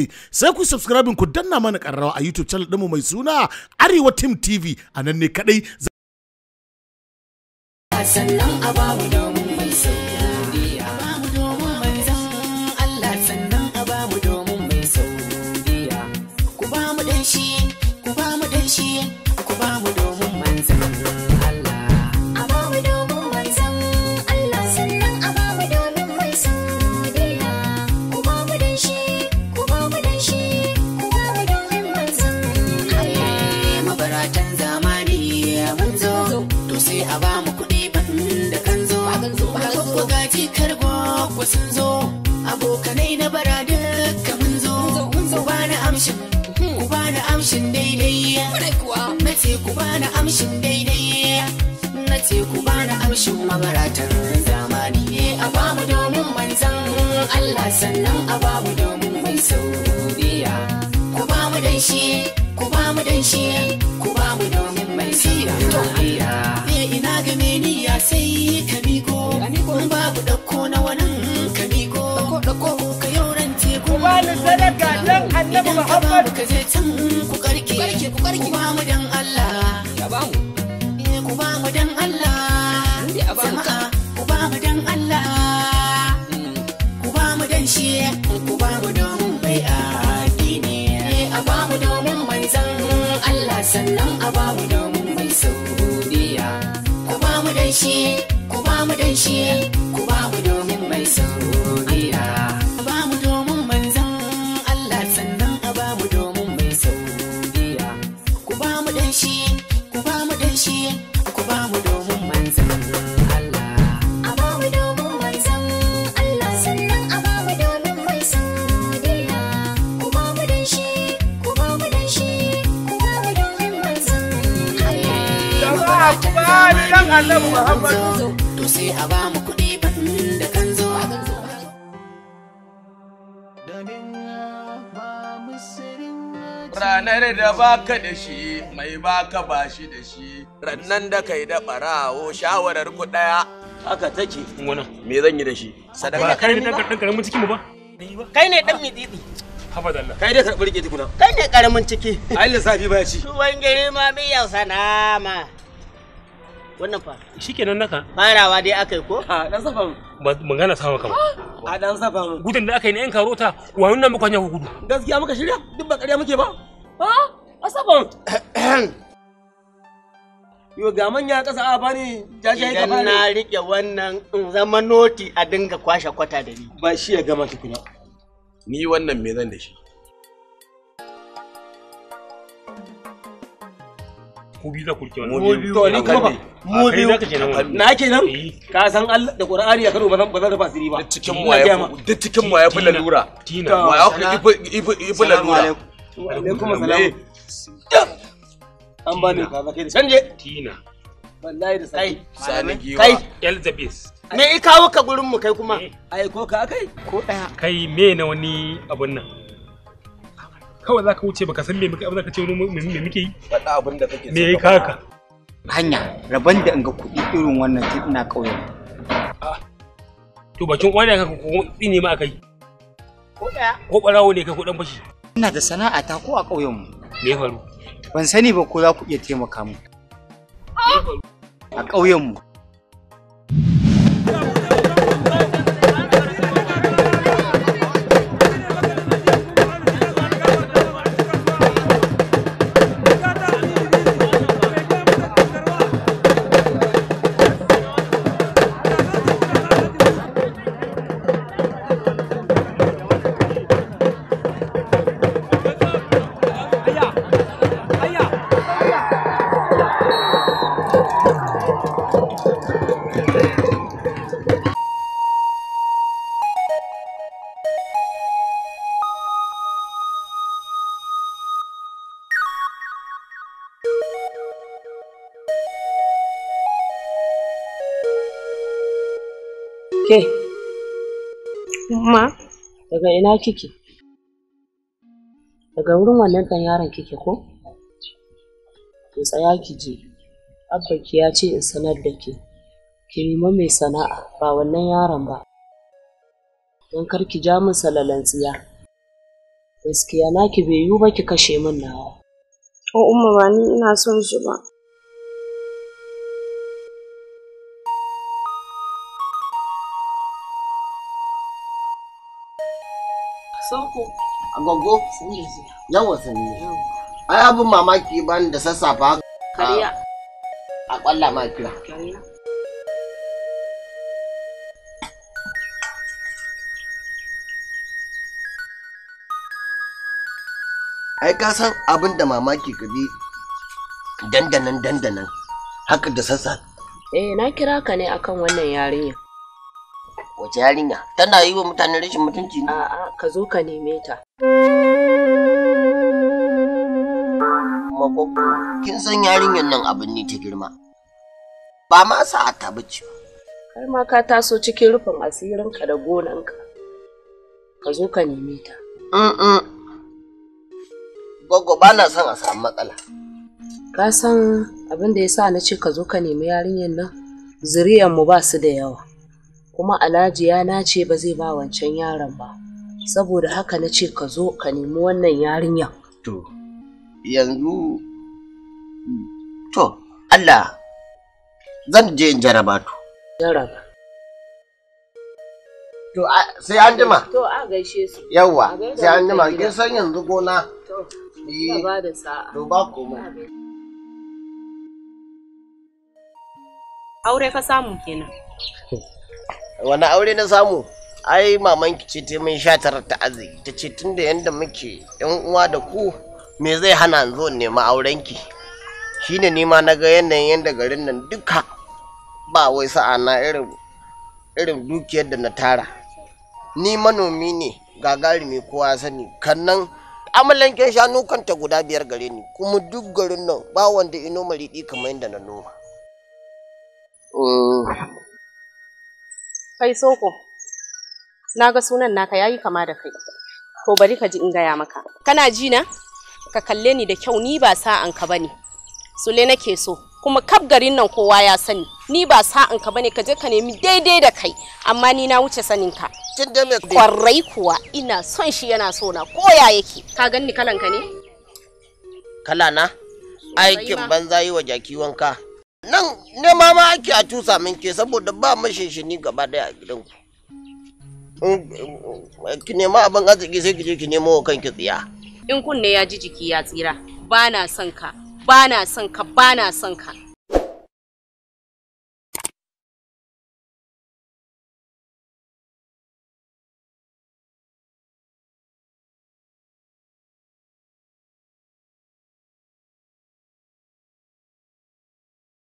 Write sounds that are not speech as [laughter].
E, sai ku subscribe ku danna mana karrawa a YouTube channel ɗinmu mai suna Arewa Team TV a nan ne kadai sannan a babu don mai sauya ba mu kuɗi ba mm, da kan zo babba gaji kargo ku sun zo abokanai na bara duka mun zo ku bani amshin hmm. ku bani amshin daidai na ce ku bani amshin daidai na ce ku bani amshin mabaratan zamani a bamu domin manzan Allah sannan a bamu domin mai sauriya ku bamu dan shi ku bamu dan shi siya me ina ga ya sai ka migo in babu ɗauko na wannan ka migo ɗauko ka yauran teku wani sadaka dan annabi muhammad ka je can ku karke ku karke ku ba dan Allah ya ba mu eh, ku bamu dan Allah jama'a ku bamu dan Allah mm. ku bamu dan shi ku bamu mu domin bai'a addini eh, a bamu mu domin manzan Allah sannan a bamu. gaishe ku ba mu danshi wani dan to sai a ba mu kuɗi da kan zo ranar da baka da shi mai baka ba shi da shi rannan da kai da barawo shawarar ku daya haka take wannan me zan yi da shi sadaka kai ne dan karamin cikin mu ba kai ne dan mitsitsi Habadalla. Kai dai karɓi rike tukuna. Kai ne ƙaramin ciki. Ai lissafi ba ci. Tuwon girma mai yau sanama. wannan fa shikenan naka farawa dai akai ko a dan safa magana sama kama a dan safa gudun da aka yi ne yan karota wa wannan muka ku gudu gaskiya muka shirya duk ba ƙarya muke ba a asafan [coughs] yo ga manya ƙasa a bani jajaye ka bani na rike wannan in zama noti a dinga kwashe kwata da ni ba shi ya gama tukuna ni wannan me zan da shi ko biyu za ku rike wannan to ni kuma ba mu biyu na kenan eh. ka san Allah da Qur'ani ya karo ba zan ba zan rufa ba cikin mu ya duk cikin mu ya fi lalura mu ya fi lalura alaikum assalam an ba ni kaza kai da canje tina wallahi da sai sani giwa kai elzabis me i kawo ka gurin mu kai kuma ai ko ka kai ko daya kai me na wani abun nan kawai za ka wuce baka san me muke za ka ce me muke yi faɗa abin da kake me kaka hanya rabon da in ga kuɗi irin wannan tun ina ƙauye ah. to bakin kwana ka ko tsine ma akai ko ɗaya ko ɓarawo ne kai ko ɗan fashi ina da sana'a ta ko a ƙauyen mu me faru ban sani ba ko za ku iya taimaka mu a ƙauyen mu Ke, ma, daga ina kike? Daga wurin wannan ɗan yaron kike ko? Ki tsaya ki je, ki ya ce in sanar da ke, ki nemi mai sana'a ba wannan yaron ba. Don kar ki ja min salalan tsiya. Gaskiya na ki bai yiwu ba ki kashe min nawa. Ko oh, umma ba ni ina son shi ba. ko agogo yawa sanyi ai abin mamaki bani da sassafa kariya a kwalla ma kira ai ka san abin da mamaki ka bi dandanan dandanan haka da sassafe eh na kira ka ne akan wannan yarinya wace yarinya tana yi wa mutane rashin mutunci ne ka zo ka neme ta. Makwabko, kin san yarinyar nan abin ne ta girma. Ba ma sa a ta bace. Kai ma ka taso cikin rufin asirinka da gonanka. Ka zo ka neme ta. Gwaggo ba na son a samu matsala. Ka san abin da ya sa na ce ka zo ka nemi yarinyar nan? Zuriyarmu ba su da yawa. kuma alhaji ya nace ba zai ba wancan yaron ba saboda haka na ce ka zo ka nemi wannan yarinya to yanzu to Allah zan je in jaraba to jaraba to sai an jima to a gaishe su yawa sai an jima kin san yanzu gona to eh, ba da sa'a to ba koma. aure ka samu kenan wani aure na samu ai mamanki ce ta mai sha tara ta arziki ta ce tunda yadda muke yan uwa da ku me zai hana in zo nema aurenki shine ni ma na ga yanayin yadda garin nan duka ba wai sa'a na irin dukiyar da na tara ni manomi ne gagarumi kowa ya sani kannan amalanke shanu kanta guda biyar gare ni kuma duk garin nan ba wanda ino mariɗi kamar yadda na noma kai soko na ga sunan naka yayi kama da kai to bari ka ji in gaya maka kana ji na ka kalle ni da kyau ni ba sa'an ka bane sule nake so kuma kaf garin nan kowa ya sani ni ba sa'an ka bane ka je ka nemi daidai da kai amma ni na wuce sanin ka kwarai kuwa ina son shi yana so na koya yake ka ganni kalan ka ne kala na aikin banza yi wa jaki wanka nan ne ma ma ake a tusa min ke saboda ba ni gaba daya a gidanku ki nema abin arziki sai ki je ki nemo wa kanki tsiya in kunne ya ji jiki ya tsira ba na son ka ba na son ka ba na son ka